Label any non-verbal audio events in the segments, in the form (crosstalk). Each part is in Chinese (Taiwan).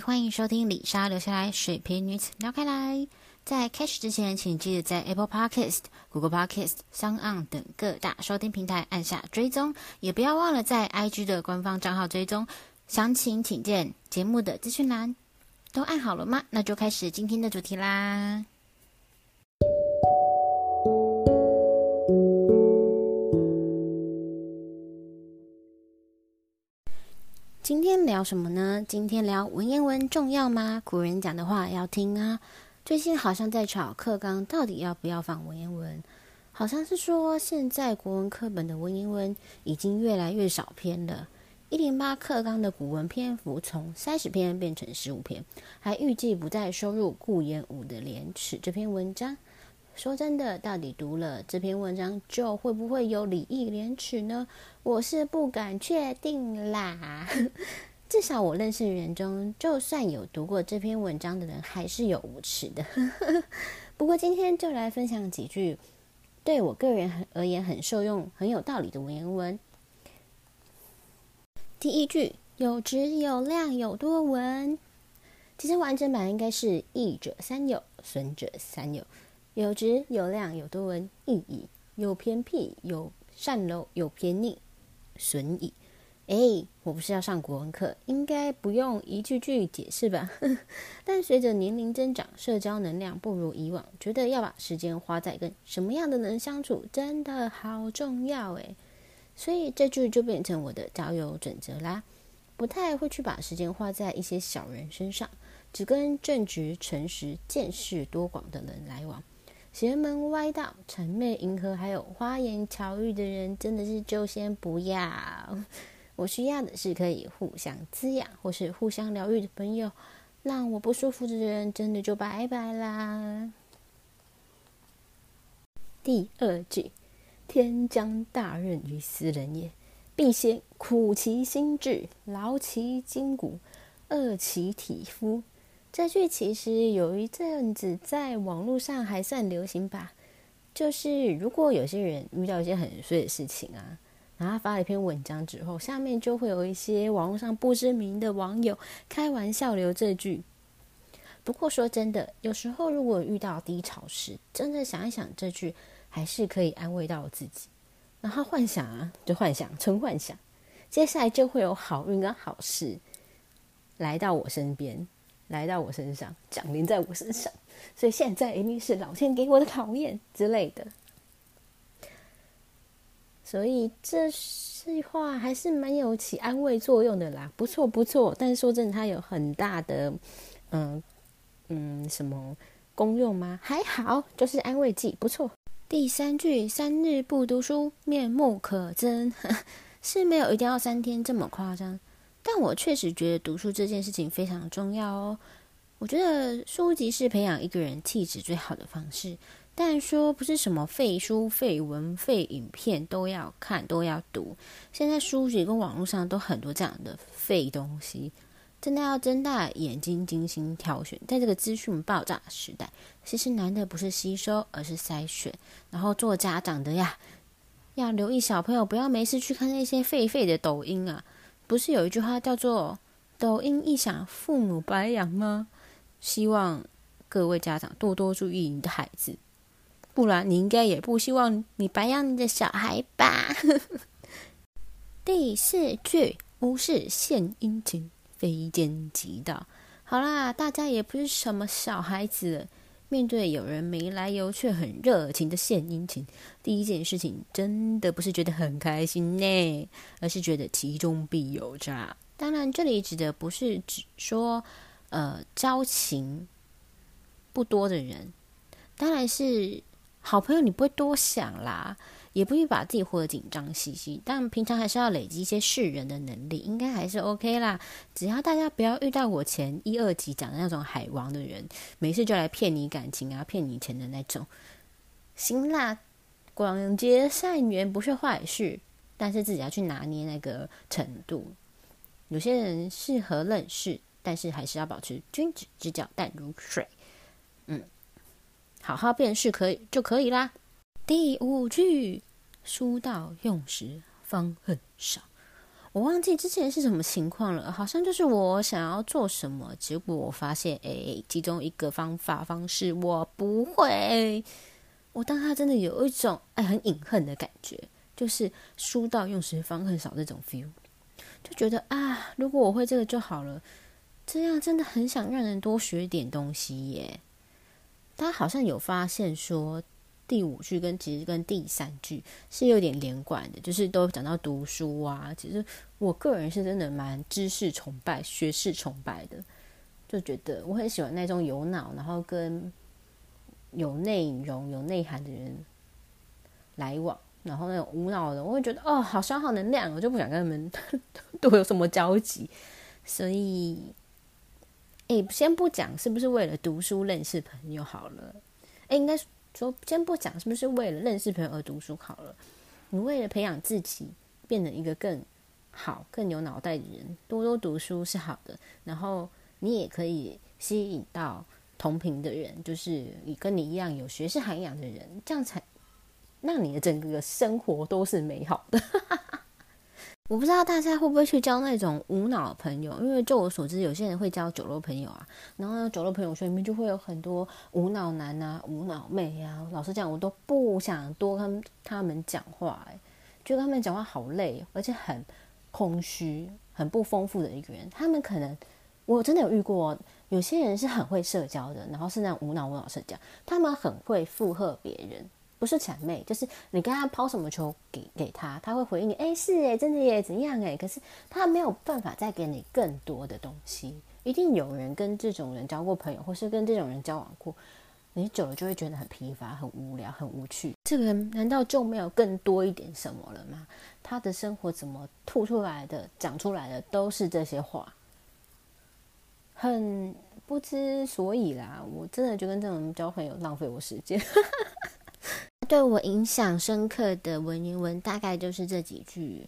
歡迎收聽李莎留下來，水瓶女子聊開來。在開始之前，請記得在 Apple Podcast、Google Podcast、SoundOn 等各大收聽平台按下追蹤，也不要忘了在 IG 的官方賬號追蹤。詳情請見節目的資訊欄。都按好了嗎？那就開始今天的主題啦。聊什麼呢？今天聊文言文重要嗎？古人講的話要聽啊。最近好像在吵課綱到底要不要放文言文，好像是說現在國文課本的文言文已經越來越少篇了。一零八課綱的古文篇幅從三十篇變成十五篇，還預計不再收入顧炎武的《廉恥》這篇文章。說真的，到底讀了這篇文章就會不會有禮義廉恥呢？我是不敢確定啦。 (laughs) 至少我認識的人中，就算有讀過這篇文章的人，還是有無恥的。 (laughs) 不過今天就來分享幾句對我個人而言很受用、很有道理的文言文。第一句：友直友諒友多聞。其實完整版應該是益者三友，損者三友。友直友諒友多聞，益矣；友便辟友善柔友便佞，損矣。誒，我不是要上國文課，應該不用一句句解釋吧？呵呵，但隨着年齡增長，社交能量不如以往，覺得要把時間花在跟什麼樣的人相處，真的好重要誒。所以這句就變成我的交友準則啦，不太會去把時間花在一些小人身上，只跟正直、誠實、見識多廣的人來往。邪門歪道、諂媚迎合、還有花言巧語的人，真的是就先不要。我需要的是可以互相滋養或是互相療癒的朋友，讓我不舒服的人真的就拜拜啦。第二句：“天將大任於斯人也，必先苦其心志，勞其筋骨，餓其體膚。”這句其實有一陣子在網絡上還算流行吧。就是如果有些人遇到一些很衰的事情啊。然後發了一篇文章之後，下面就會有一些網絡上不知名的網友開玩笑留這句。不過說真的，有時候如果遇到低潮時，真的想一想這句，還是可以安慰到我自己。然後幻想啊，就幻想，純幻想。接下來就會有好運跟好事來到我身邊，來到我身上，降臨在我身上。所以現在一定是老天給我的考驗之類的。所以這句話還是蠻有起安慰作用的啦，不錯不錯。但說真的，它有很大的，嗯、呃、嗯，什麼功用嗎？還好，就是安慰劑，不錯。第三句“三日不讀書，面目可憎”， (laughs) 是沒有一定要三天這麼誇張。但我確實覺得讀書這件事情非常重要哦。我覺得書籍是培養一個人氣質最好的方式。但說不是什麼廢書、廢文、廢影片都要看、都要讀。現在書籍跟網絡上都很多這樣的廢東西，真的要睜大眼睛、精心挑選。在這個資訊爆炸時代，其實難的不是吸收，而是篩選。然後做家長的呀，要留意小朋友不要沒事去看那些廢廢的抖音啊！不是有一句話叫做“抖音一響，父母白養”嗎？希望各位家長多多注意你的孩子。不然你應該也不希望你白養你的小孩吧？ (laughs) 第四句，無事獻殷勤，非奸即盜。好啦，大家也不是什麼小孩子了，面對有人沒來由卻很熱情的獻殷勤，第一件事情真的不是覺得很開心呢，而是覺得其中必有詐。當然，這裡指的不是指說，呃，交情不多的人，當然是。好朋友，你不會多想啦，也不會把自己活得緊張兮兮。但平常還是要累積一些識人的能力，應該還是 OK 啦。只要大家不要遇到我前一二集講的那種海王的人，沒事就來騙你感情啊、騙你錢的那種辛辣。行啦，廣結善緣不是壞事，但是自己要去拿捏那個程度。有些人適合認識，但是還是要保持君子之交淡如水。嗯。好好辨識可以就可以啦。第五句，書到用時方恨少。我忘記之前是什麼情況了，好像就是我想要做什麼，結果我發現，哎，其中一個方法方式我不會。我當下真的有一種哎很隱恨的感覺，就是書到用時方恨少這種 feel，就覺得啊，如果我會這個就好了。這樣真的很想讓人多學點東西耶。他好像有發現說，第五句跟其實跟第三句是有點連貫的，就是都講到讀書啊。其實我個人是真的蠻知識崇拜、學識崇拜的，就覺得我很喜歡那種有腦然後跟有內容、有內涵的人來往，然後那種無腦的，我會覺得哦，好消耗能量，我就不想跟他們多有什麼交集，所以。哎、欸，先不講是不是為了讀書認識朋友好了。哎、欸，應該說先不講是不是為了認識朋友而讀書好了。你為了培養自己，變成一個更好、更有腦袋的人，多多讀書是好的。然後你也可以吸引到同頻的人，就是你跟你一樣有學識涵養的人，這樣才讓你的整個生活都是美好的。 (laughs) 我不知道大家會不會去交那種無腦朋友，因為就我所知，有些人會交酒肉朋友啊。然後酒肉朋友圈裡面就會有很多無腦男啊、無腦妹呀、啊。老實講，我都不想多跟他們講話、欸，誒覺得他們講話好累，而且很空虛、很不豐富的一個人。他們可能我真的有遇過，有些人是很會社交的，然後是那種無腦無腦社交，他們很會附和別人。不是諂媚，就是你跟他拋什麼球給給他，他會回應你，哎、欸、是誒，真的耶怎樣誒？可是他沒有辦法再給你更多的東西。一定有人跟這種人交過朋友，或是跟這種人交往過，你久了就會覺得很疲乏、很無聊、很無趣。這個人難道就沒有更多一點什麼了嗎？他的生活怎麼吐出來的、講出來的都是這些話，很不知所以啦。我真的就跟這種人交朋友，浪費我時間。 (laughs) 啊、對我影響深刻的文言文大概就是這幾句，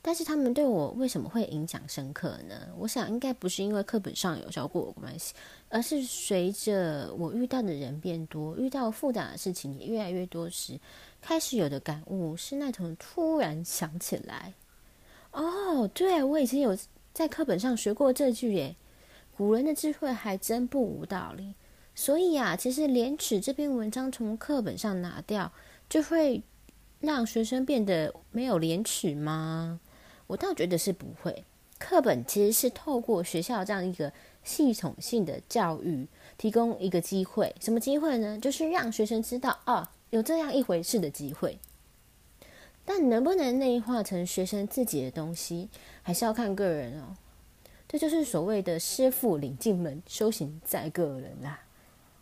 但是他們對我為什麼會影響深刻呢？我想應該不是因為課本上有教過我關係，而是隨着我遇到的人變多，遇到複雜的事情也越來越多時，開始有的感悟是那種突然想起來，哦，對我以前有在課本上學過這句耶、欸，古人的智慧還真不無道理。所以啊，其實《廉恥》這篇文章從課本上拿掉，就會讓學生變得沒有廉恥嗎？我倒覺得是不會。課本其實是透過學校這樣一個系統性的教育，提供一個機會。什麼機會呢？就是讓學生知道，哦，有這樣一回事的機會。但能不能內化成學生自己的東西，還是要看個人哦。這就是所謂的師傅領進門，修行在個人啦、啊。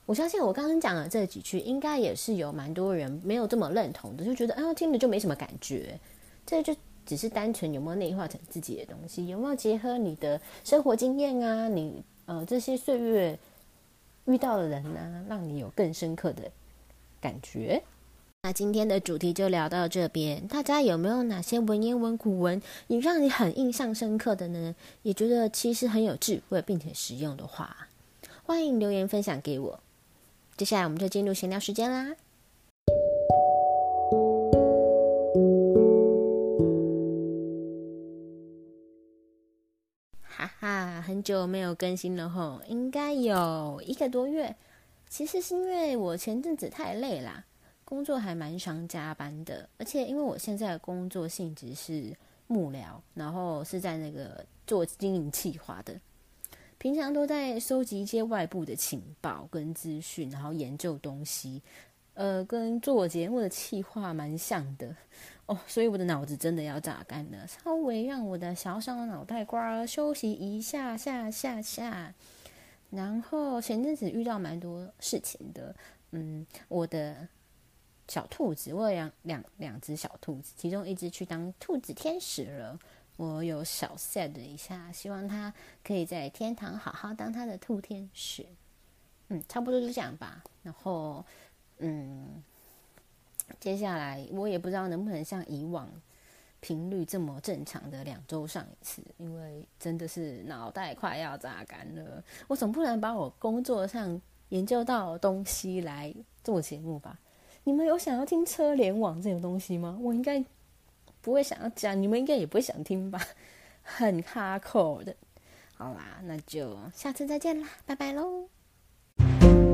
我相信我剛剛講的這幾句，應該也是有蠻多人沒有這麼認同的，就覺得，嗯、啊，聽了就沒什麼感覺。這就只是單純有沒有內化成自己的東西，有沒有結合你的生活經驗啊，你呃這些歲月遇到的人啊，讓你有更深刻的感覺。那今天的主題就聊到這邊，大家有沒有哪些文言文古文，你讓你很印象深刻的呢？也覺得其實很有智慧並且實用的話，歡迎留言分享給我。接下來我們就進入閒聊時間啦！哈哈，很久沒有更新了吼，應該有一個多月。其實是因為我前陣子太累了，工作還蠻常加班的，而且因為我現在的工作性質是幕僚，然後是在那個做經營企劃的。平常都在收集一些外部的情報跟資訊，然後研究東西，呃，跟做我節目的企劃蠻像的哦。所以我的腦子真的要榨乾了，稍微讓我的小小的腦袋瓜休息一下下下下。然後前陣子遇到蠻多事情的，嗯，我的小兔子，我有兩兩,兩隻小兔子，其中一隻去當兔子天使了。我有小 sad 一下，希望他可以在天堂好好當他的兔天使。嗯，差不多就這樣吧。然後，嗯，接下來我也不知道能不能像以往頻率這麼正常的兩周上一次，因為真的是腦袋快要榨乾了。我總不能把我工作上研究到東西來做節目吧？你們有想要聽車聯網這種東西嗎？我應該。不會想要講，你們應該也不會想聽吧，很 hardcore 的，好啦，那就下次再見啦，拜拜嘍。